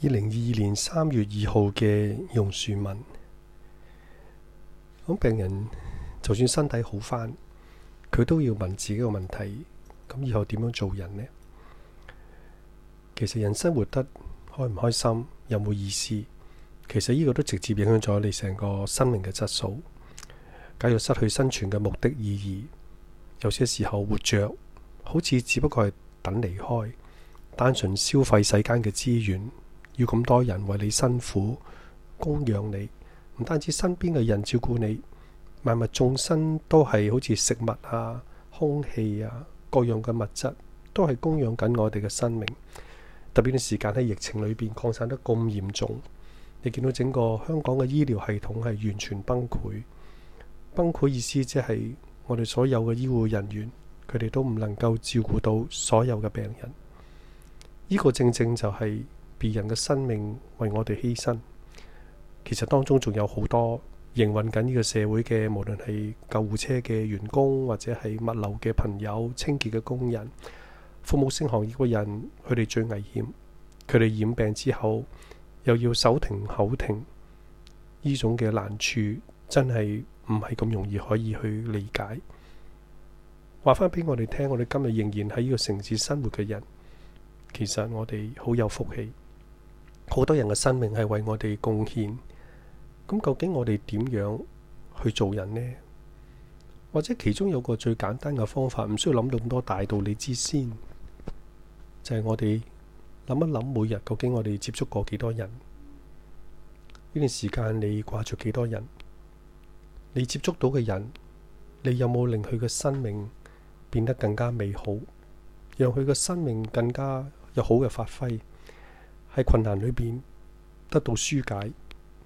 二零二二年三月二號嘅榕樹文：「咁病人就算身體好返，佢都要問自己個問題。咁以後點樣做人呢？其實人生活得開唔開心，有冇意思，其實呢個都直接影響咗你成個生命嘅質素。假如失去生存嘅目的意義，有些時候活著好似只不過係等離開，單純消費世間嘅資源。要咁多人為你辛苦供養你，唔單止身邊嘅人照顧你，萬物眾生都係好似食物啊、空氣啊各樣嘅物質都係供養緊我哋嘅生命。特別呢段時間喺疫情裏邊擴散得咁嚴重，你見到整個香港嘅醫療系統係完全崩潰。崩潰意思即係我哋所有嘅醫護人員，佢哋都唔能夠照顧到所有嘅病人。呢個正正就係別人嘅生命為我哋犧牲，其實當中仲有好多營運緊呢個社會嘅，無論係救護車嘅員工，或者係物流嘅朋友、清潔嘅工人、服務性行業嘅人，佢哋最危險。佢哋染病之後，又要手停口停，呢種嘅難處真係唔係咁容易可以去理解。話返俾我哋聽，我哋今日仍然喺呢個城市生活嘅人，其實我哋好有福氣。好多人嘅生命係為我哋貢獻，咁究竟我哋點樣去做人呢？或者其中有個最簡單嘅方法，唔需要諗到咁多大道理之先，就係我哋諗一諗，每日究竟我哋接觸過幾多人？呢段時間你掛住幾多人？你接觸到嘅人，你有冇令佢嘅生命變得更加美好，讓佢嘅生命更加有好嘅發揮？喺困難裏邊得到紓解，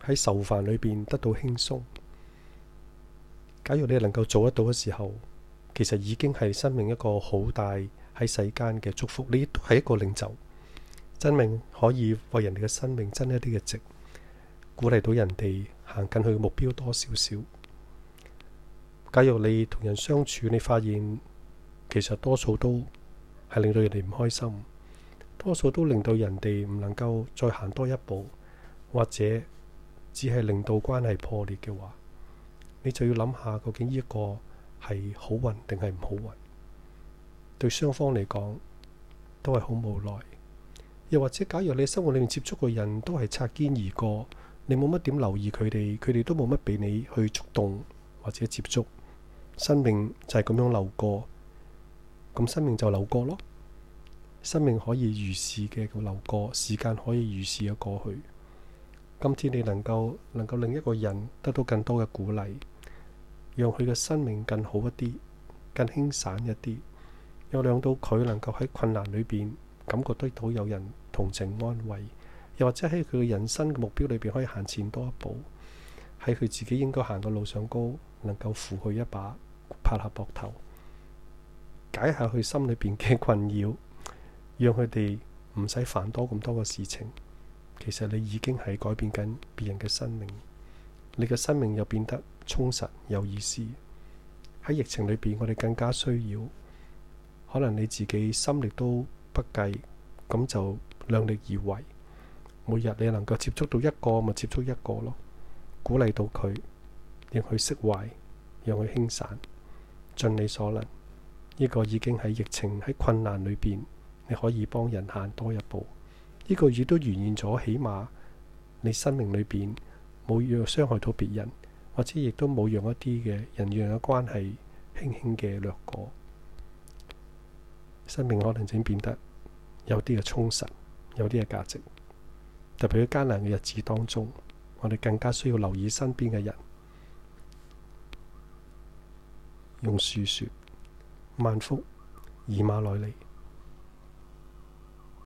喺愁煩裏邊得到輕鬆。假如你能夠做得到嘅時候，其實已經係生命一個好大喺世間嘅祝福。呢都係一個領袖真命，可以為人哋嘅生命增一啲嘅值，鼓勵到人哋行近去目標多少少。假如你同人相處，你發現其實多數都係令到人哋唔開心。多數都令到人哋唔能夠再行多一步，或者只係令到關係破裂嘅話，你就要諗下究竟呢一個係好運定係唔好運？對雙方嚟講都係好無奈。又或者，假如你生活裏面接觸嘅人都係擦肩而過，你冇乜點留意佢哋，佢哋都冇乜俾你去觸動或者接觸，生命就係咁樣流過，咁生命就流過咯。生命可以如是嘅流過，時間可以如是嘅過去。今天你能夠能夠令一個人得到更多嘅鼓勵，讓佢嘅生命更好一啲，更輕省一啲，又令到佢能夠喺困難裏邊感覺得到有人同情安慰，又或者喺佢嘅人生目標裏邊可以行前多一步，喺佢自己應該行嘅路上高，能夠扶佢一把，拍下膊頭，解下佢心裏邊嘅困擾。讓佢哋唔使煩多咁多嘅事情，其實你已經係改變緊別人嘅生命，你嘅生命又變得充實有意思。喺疫情裏邊，我哋更加需要，可能你自己心力都不計，咁就量力而為。每日你能夠接觸到一個，咪接觸一個咯，鼓勵到佢，讓佢釋懷，讓佢輕散，盡你所能。呢個已經喺疫情喺困難裏邊。你可以幫人行多一步，呢、這個亦都呈現咗，起碼你生命裏邊冇要傷害到別人，或者亦都冇讓一啲嘅人與人嘅關係輕輕嘅掠過，生命可能正變得有啲嘅充實，有啲嘅價值。特別喺艱難嘅日子當中，我哋更加需要留意身邊嘅人，用樹說萬福以馬內利。